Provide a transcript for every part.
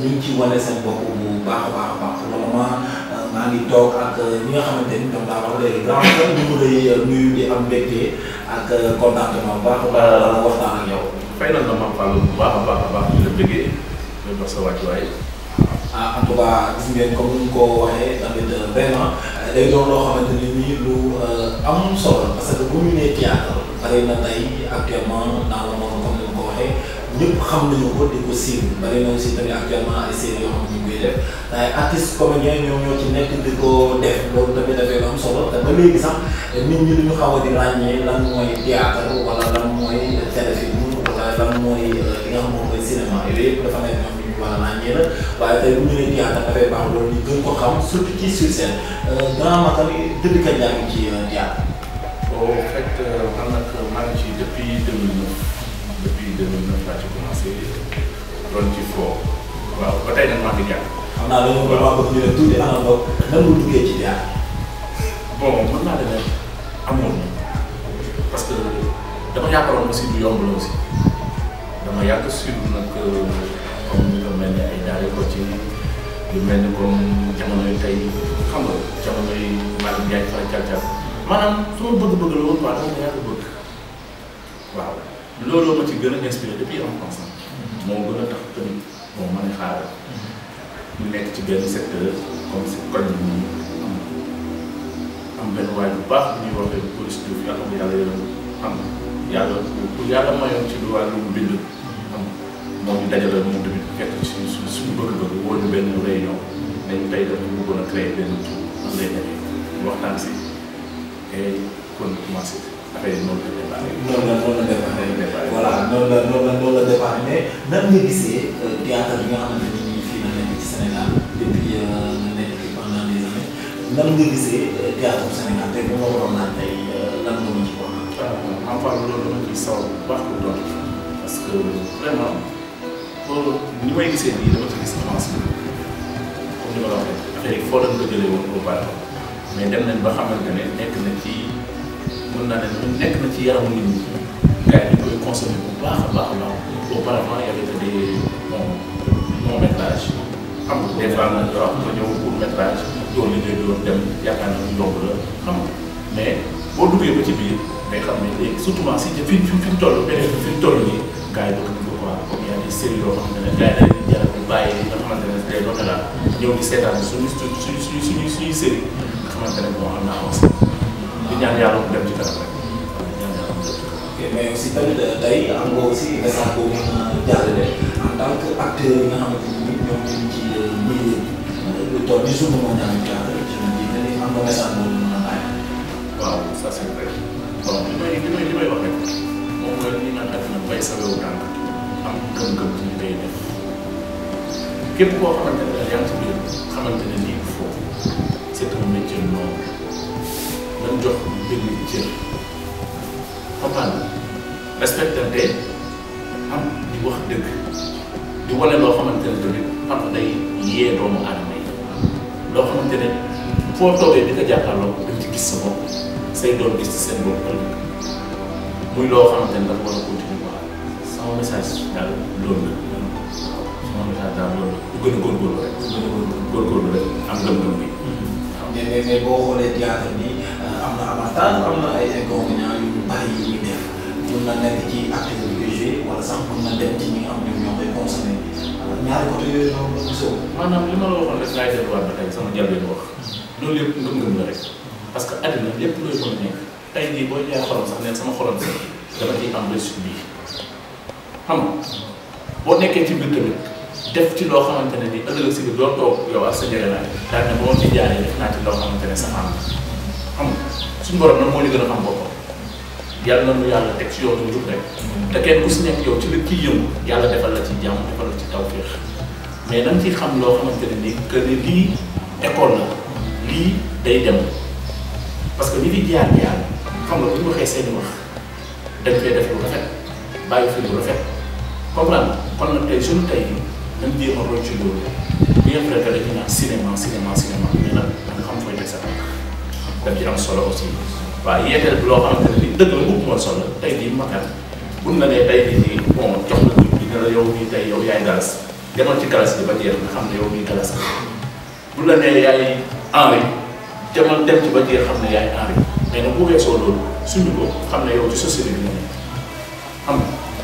ñu ngi ci wane seen bopp bu baax a baax a baax pour le moment euh, maa ngi toog ak euh, ñi nga xamante ni comme daa wax léegi grand frère ñu ngi lay euh, nuyu di am mbégte ak contentement bu baax a baax la waxtaan ak yow. fay na nga Mame Fallou bu baax a baax a baax di la bëggee ah, ñu ni ko waxee tamit vraiment day doon loo xamante ni nii na tey ñëpp xam nañu ko di ko siiw bari na aussi tamit actuellement ay séries yoo xam ne ñu koy def ay artistes comédiens ñoom ñoo ci nekk di ko def loolu dafay léegi sax nit a di ràññee lan mooy théâtre wala euh, a ràññee dafay baax loolu ñu gën ko xam surtout ci sur scène euh, grand matal dëgg ka jàng ci euh, théâtre. en fait man nag maa ngi ci depuis 2009. depuis 2009 laa ci commencé doon ci foo waaw ba tey nag maa ngi jàng. xam naa loolu vraiment bëgg ñu ne tuuti anam boog nan nga duggee ci jaar. bon mën naa leen rek amoon parce que dama yaakaaroon aussi du yomb la aussi dama yàgg suivre nag euh, comme ñu ko mel ni ay daara ko ci lu mel ni comme jamonoy tey xam nga jamonoy Malick Ndiaye Fall Thial Thial maanaam sama bëgg-bëgg la woon quoi dama ko yàgg bëgg waaw. looloo ma ci gën a inspiré depuis enfance moo gën a tax tamit moom mën a xaaral ñu nekk ci benn secteur comme si koñ bi am am benn waay bu baax bu mu yàlla moom ñu dajale moom tamit fekk ci suñu bëgg-bëgg woo benn réunion nañ tey dafa waxtaan si et kon commencé affaire yi noonu la noonu la déparé voilà noonu la noonu la noonu la déparé mais nan nga gisee théâtre bi nga xamante ni ñu fii na nekk ci Sénégal depuis nga nekk ci pendant des années nan nga gisee théâtre Sénégal tey bu ma waroon naan tey lan nga mën ci wax. waaw waaw loolu dama ciy sawar bu baax pour doon parce que vraiment loolu ni may gisee nii dama ci gis avancement comme ni ma la waxee affaire yi foo leen ko jëlee woon ba pare mais dem nañ ba xamante ne nekk na ci. mën naa ne nekk na ci yaramu nit ñi gars yi dañ koy consommer bu baax a baax a baax auparavant y avait des long métrage xam nga des fois nag yoo xam nga ñëw court métrage doon li ngay doon dem yaakaar naa ñu yomb la xam nga mais boo duggee ba ci biir day xam ne léegi surtout si fi fi fi mu toll beneen bi fi mu toll nii gars yi bëgg nañ ko quoi comme y a des séries yoo xam ne gars yi dañuy jaral ñu bàyyi li nga xamante ne day doon la ñëw di seetaan suñu suñu suñu suñu série nga xamante ne naa aussi di ñaan yàlla mu dem ci kanam rek. mais aussi tamit euh, tey am nga aussi message boobu ñu jàllale en tant que acteur yi nga xamante ni ñoom ñu ngi ci euh, milieu bi toog di suñu mondial bi daal ci biir bi am nga message boobu mën a bàyyi. waaw ça c'est vrai bon li may li may li may wax rek moom mooy li ñu naan def na bay sa réew tànk am gëm-gëm ñu koy def képp koo xamante ne yaa ngi ci biir xamante ne nii foofu c'est un métier noble dañ jox mbir mi cër xamal respectante am di wax dëgg di wane loo xamante ne tamit xam nga day yee doomu aadama yi loo xamante ne foo toogee di ko jàkkaarloo dañ ci gis sa bopp say doom gis ci seen bopp ëllëg muy loo xamante ne dafa war a continuer waaw sama message daal loolu la sama message daal loolu la ku gën a góorgóorlu rek ku gën a góorgóorlu rek am gëm-gëm bi waaw mais mais boo xoolee théâtre bi am yu bari yi ñuy def mun maanaam li ma la waxoon rek laay delluwaat ba tey sama jàll wax loolu yëpp ngëm-ngëm rek parce que àddina lépp looy mën a nekk boo jaay xorom sax neen sama xorom sax dama ciy am réussite bii nekkee ci tamit def ci loo xamante ne ni ëllëg si doo yow ak sa njëriñ laaj daal ne boo ci jaaree def naa ci loo xamante ne sa maam xam nga suñu borom nag moo ñu gën a xam boppam yàlla na yàlla teg ci yoonu njub rek te kenn ku si nekk yow ci li ciy yëngu yàlla defal la ci jàmm defal la ci tawféex mais xam loo xamante ni lii école la lii day dem que ñi fi jaar jaar xam nga bu ñu waxee nag tey suñu a roy ci loolu bien vrai que dañuy naan cinéma cinéma cinéma mais nag da xam fooy teg sa tànk daf ci am solo aussi waaw yeeteel bi loo xamante ne nii dëgg la bëgg mooy solo tey jii Makan buñ la nee tey ne la yow mii tey yow yaay galas demal ci galas bi ba jeex ne yow mii galas buñ la ci ba jeex xam ne yaay Henri mais nag bu weesoo loolu suñu ko xam ne yow ci société bi nga ne am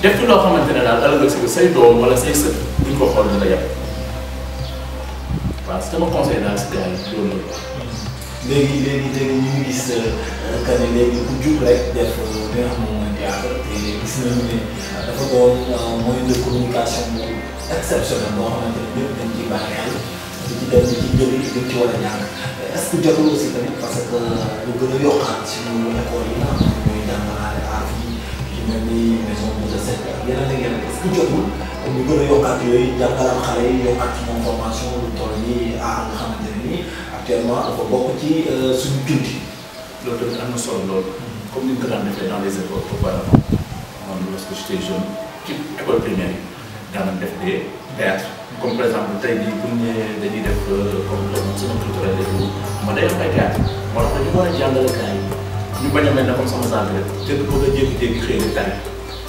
def ci loo xamante ne daal ëllëg si say doom wala say sët duñ ko xool dina yàq waaw sama conseil daal si gars yi léegi léegi léegi ñu ngi gis euh, que ne léegi ku jub rek def li nga xam moom mooy théâtre te gis nañu ne euh, dafa doon euh, moyen de communication bu exceptionnel boo xamante ne ñëpp dañ ciy bàyyi di ci dem di ci jëli di ci war a ñàkk est-ce que jotul aussi tamit parce que lu gën yo yokkaat suñu école yi nga xam ne ñooy jàngalaale aar yi yu mel ni maison de set ak yeneen ak yeneen est-ce que jotul ñu gën a yokkaat yooyu jàngalaat xale yi yokkaat ci moom formation lu toll nii aar nga xamante ni actuellement dafa bokk ci euh, suñu culture. loolu tamit am na solo loolu. Hmm. comme ni ñu ko daan defee ci école primaire yi daanam def des théâtre comme par exemple tey jii bu dañuy def euh, comme comme semaine culturelle tout ma de am ay théâtre moo tax dañu war a jàngale gars yi ñu bañ a mel ne comme sama genre rek te du bëgg a jékki-jékki xëy na tànn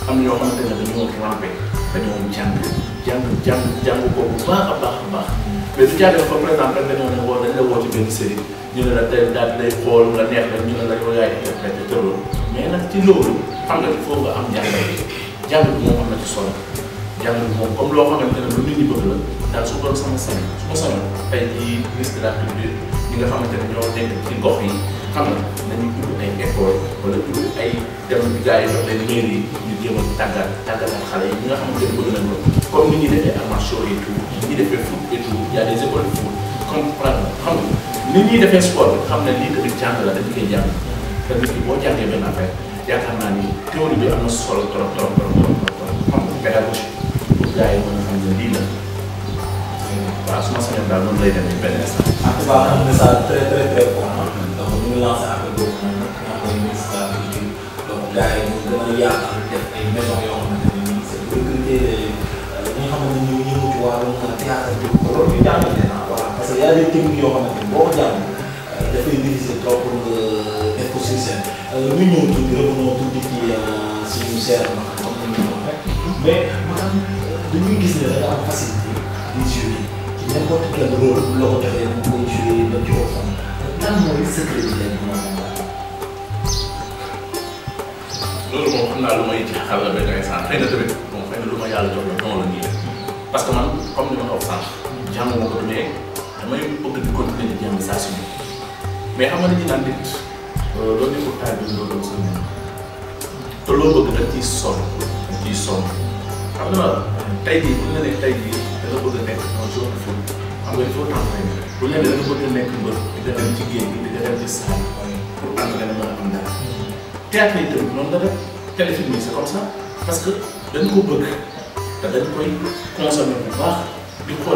am na ñoo xamante ne dañoo rampé dañoo jàng. jamu jamu jamu ko bu baax a baax a baax mais su jàngee foofu par exemple dañoo ne woo dañ la woo ci benn série ñu ne la tey daal lay xool nga neex la ñu ne la yaay interprété te loolu mais nag ci loolu xam nga foofu nga am jàng bi jàng bi moom am na ci solo jàng bi moom comme loo xamante ne lu nit ñi bëgg la daal su ko sama sañ su ko sañoon tey ci liste d' ñi nga xamante ne ñoo dégg ci gox yi xam nga nañu tudd ay école wala tudd ay dem gars yi dox leen miir yi ñu jéem a tàggat tàggatal xale yi ñi nga xamante ne bëgg nañ loolu comme ni ñuy defee arts martiaux et tout ñi defee foot et tout y a des écoles de foot comprendre xam nga ni ñuy defee sport bi xam ne lii tamit jàng la dañ koy jàng te nit ki boo jàngee benn affaire yaakaar naa ni théorie bi am na solo trop trop trop trop trop xam nga pédagogie pour gars yi mën a xam ne lii la waaw su ma sañoon daal noonu lay demee benn instant. en tout cas un message très très très fort ñu lancé appel boobu noonu ñoo koy ministre de la culture donc gars yi ñu gën a yaatal def ay maison yoo xamante ne nii c'est pour recruter ñi euh, nga xamante ni ñu ñëw ci wàllum théâtre bi ko loolu ñu jàngale naa ah voilà parce que y a des techniques yoo xamante ni boo ko jàng euh, dafay difficile trop pour nga euh, def ko sur scène ñu ñëw tuuti revenons tuuti ci suñu seer ma comme ni ñu ko waxee mais maanaam dañuy gis ne da nga am facilité di jouer ci n'importe quel rôle la ko joxee mu koy jouer ba ci lan mooy secret bi léegi moom la. loolu moom xam naa lu may xaw a béy instant xëy na tamit moom xëy na lu ma yàlla jox la noonu la nii parce que man comme ni ma ko sànq. ko mais damay bëgg di continuer eh, eh, di jàng saa su ne mais xam nga dañuy nit loolu yëpp pour taal bi loolu e doon sonné te loo bëgg dañ ciy sonn dañ ciy sonn xam jii bu ñu la nee tey jii da nga bëgg a nekk un jour kuréel foo tax bu ne danga bëgg nekk mbër di nga dem ci géej di nga dem ci saal pour am a am dara théâtre yi tamit parce que dañ ko xool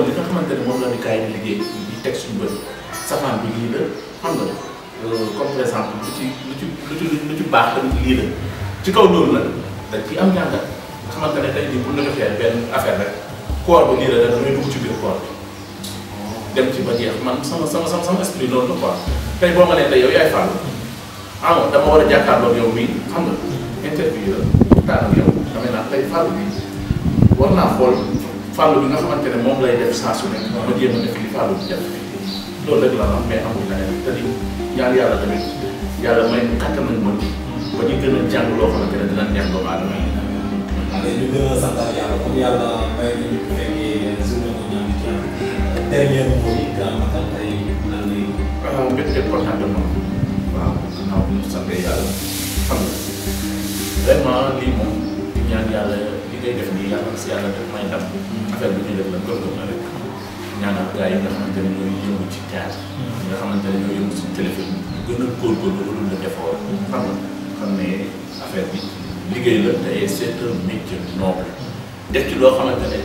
li nga xamante ne moom la teg suñu bët bi lii la xam ci kaw loolu nag dañ ciy am ñàngat nga xamante ne tey jii bu ñu defee benn affaire rek koor bi nii damay dugg ci biir koor dem ci ba jeex man sama sama sama sama esprit loolu la quoi tey boo ma nee tey yow yaay fàll ah dama war a jàkkaarloo yow mii xam nga interview la waxtaan ak yow damay naan tey fàll bi war naa xool fàll bi nga xamante ne moom lay def saa su ne ma jéem a def li fàll bi def loolu rek la am mais amul leneen te di ñaan yàlla tamit yàlla may kattan nañ mën ba ñu gën a jàng loo xamante ne dina neex doomu aadama yi. ñu gën a sant yàlla comme yàlla may dernier mot yi nga am tey lan lay. waaw mbégte contentement waaw ginnaaw bi ñu sant yàlla xam nga vraiment lii moom di ñaan yàlla li ngay def nii yàlla si yàlla def may ndam. affaire bi ñu def la gëm-gëm la rek ñaanal gars yi nga xamante ne ñooy yëngu ci théâtre. nga xamante ne ñooy yëngu ci téléfilm. gën a góorgóorlu ba lu la defoon. xam nga xam ne affaire bi liggéey la te c'est un métier noble. def ci loo xamante ne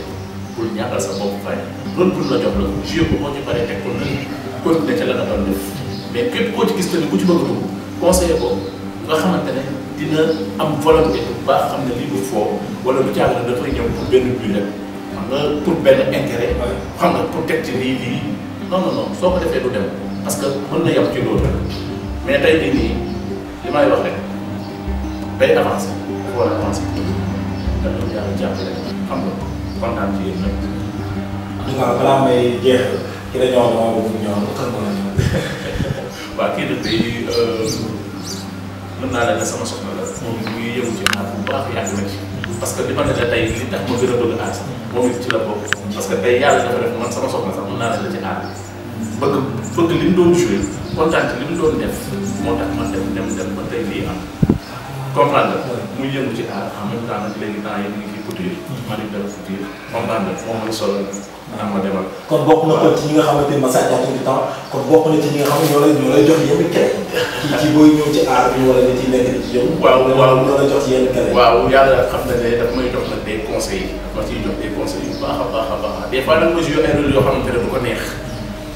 pour ñaata sa bopp fay. retour la jox la joué ko ci paree teg kon continué ca la nga doon def mais képp koo ci gis te ni bu ci bëgg a dugg conseiller ko nga xamante ne dina am volonté bu baax xam ne lii du foo wala lu jàng la dafay ñëw pour benn but rek xam nga pour benn intérêt xam nga pour teg soo ko defee du dem parce que mën na yem ci loolu rek mais tey jii nii li may wax rek day avancé war a avancé. da doon yàlla jàppale xam nga kontaan ci yéen rek. tout cas balaa may jeexal ki la ñu wax dama bëgg ñëw ba kan mën a kii de tey euh, mën naa la ne sama soxna la. moom muy yëngu ci aar bu baax yàgg na ci. parce que li ma ne la tey li tax ma gën a bëgg moom it ci la parce que tey yàlla dafa def man sama soxna sax mën naa la la ci aar. bëgg bëgg li mu doon joué kontaan ci li mu doon def moo tax man dem dem dem ba tey lii am. comprendre muy yëngu ci aar en même temps nag léegi temps yéen ñu ngi fi couture. ma di def couture comprendre moom mooy solo naa ma demal. kon bokk na kon ci ñi nga xamante ne massage daa tudd temps kon bokk na ci ñi nga xam ne ñoo lay ñoo lay jox yenn kere. kii ci booy ñëw ci aar bi wala li ci nekk di ci yëngu. waaw waaw ñoo lay jox yenn kere. waaw yàlla xam na ne daf may jox nag des conseils ma ciy jox des conseils yu baax a baax a baax des fois nag ma joué ay rôle yoo xamante ne du ko neex.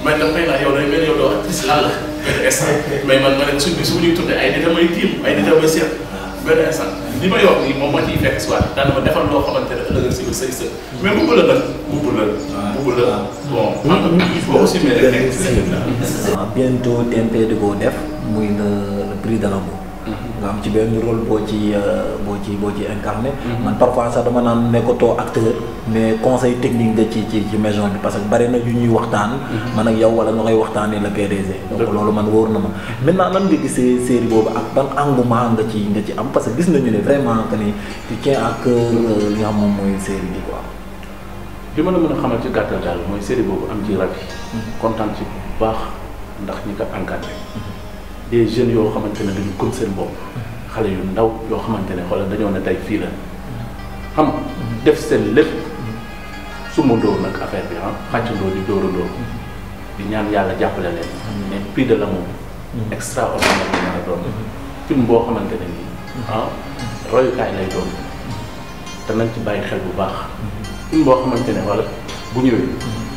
man nag may naa yow day mel yow doo actrice lan la benn instant mais man ma ne suñu su ma ñuy tourné ay nit a may tiim ay nit a may seet bëre na sax li ma yokk ni moom ma ciy fekk soit dana ma defal loo xamante ne ëllëgal si ko sëy sëy mais bu bëla nag bu bëla bu bëla bon man il faut aussi mais rek bientôt DMP de def muy le le nga am ci benn rôle boo ci euh, boo ci boo ci incarné. Mhm. man parfois sax dama naan nekkatoo acteur mais conseil technique nga ci ci ci maison bi parce que bari na yu ñuy waxtaan. Mhm. man ak yow wala nga koy waxtaanee la PDG. donc loolu man wóor na ma. maintenant nan nga gisee série boobu ak ban engouement nga ci nga ci am parce que gis nañu ne vraiment que ni tu tiens ak ñu euh, li xam moom mooy série bi quoi. li ma la mën a xamal ci gàttal daal mooy série boobu am ci rab yi. Mhm. kontaan ci bu baax ndax ñi des jeunes yoo xamante ne dañu gëm seen bopp xale yu ndaw yoo xamante ne xoolal dañoo ne tey fii la xam def seen lépp su ma nag affaire bi ah xàccandoo di dóorandoo di ñaan yàlla jàppale leen mais prix de l'amour mm-hmm. extraordinaire bi nga doon film boo xamante ne nii mm-hmm. ah royukaay lay doon te mm-hmm. nañ ci bàyyi xel bu baax film boo xamante ne wala bu ñëwee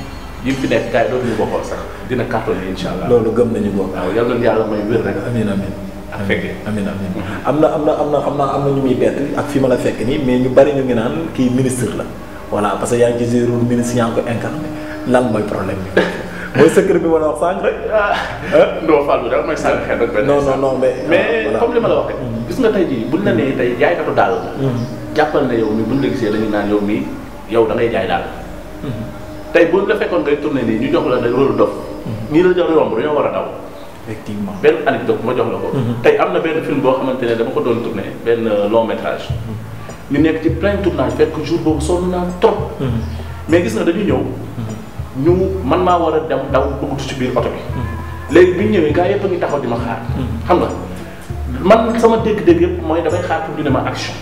yi fi nekk gars yi dootuñu ko xool sax dina cartonné incha allah. loolu gëm nañu ko. waaw yal na yàlla may wér rek. amiin amiin ak fekkee amiin amiin. am na am na am na xam naa am na ñu muy bett ak fi ma la fekk nii mais ñu bari ñu ngi naan kii ministre la voilà parce que yaa ngi ci zéro ministre yaa ngi ko incarné lan mooy problème bi. mooy secret bi ma la wax sànq rek. ah, ah. non Fallou dafa may sànq xel rek. non non non mais. mais comme li ma la waxee. Mm-hmm. gis nga tey jii buñ la nee mm-hmm. tey jaaykatu daal. Mm-hmm. jàppal na yow mi buñ la gisee dañu naan yow mi yow da ngay jaay daal. tey bu nga fekkoon ngay tourné nii ñu jox la nag rôle dof ñii la jox war a daw effectivement benn anecdote ma jox la ko mhm. tey am na benn film boo xamante ne dama ko doon tourné benn euh, long métrage ñu mhm. nekk ci plein tournage fekk jour boobu sonn naa trop mhm. mais gis na dañu ñëw ñu man maa war a dem daw duggatu ci biir oto bi léegi bi ñëw ñëwee gars yëpp a ngi taxaw di ma xaar xam nga man sama dégg-dégg yëpp mooy damay xaar pour ñu ne ma action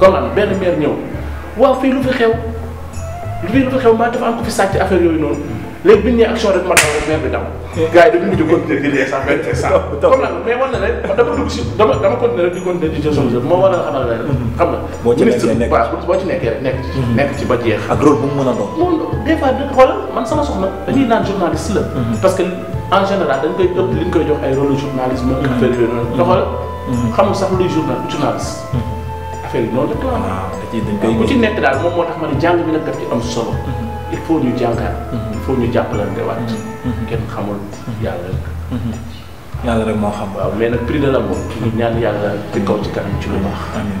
comme am benn maire ñëw waaw fii lu fi xew li ngeen fa xew maa dafa am ko fi sàcc affaire yooyu noonu léegi bi ñu nee action rek ma daw rek maire bi daw. gars yi dañu mujj continuer di dee sax benn teg sax. comme nag mais war na rek dama dugg si dama dama continuer rek di continuer di gestion bi moo war a xamal mhm. rek. xam nga ministre bi waaw boo ci nekkee rek nekk ci. Mhm. nekk ci ba jeex. ak rôle bu mu mën a doon. moom des fois dañu xoolal man sama soxna dañuy naan journaliste la. Mhm. parce que en général dañ koy ëpp li ñu koy jox ay rôle journalisme. affaire yooyu noonu. da xoolal xamul sax luy journal journaliste. affaire yi noonu rek la am. Ah, dañ koy ah, ku ci nekk daal moom moo tax ma ne jàng bi nag daf ci am solo. Mm-hmm. il faut ñu jàngaat. Mm-hmm. il faut ñu jàppalanteewaat. Mm-hmm. kenn xamul yàlla rek. yàlla rek moo xam. waaw mais nag prix de l'amour. ñu ñaan yàlla ci kaw ci kanam ci lu baax. amiin.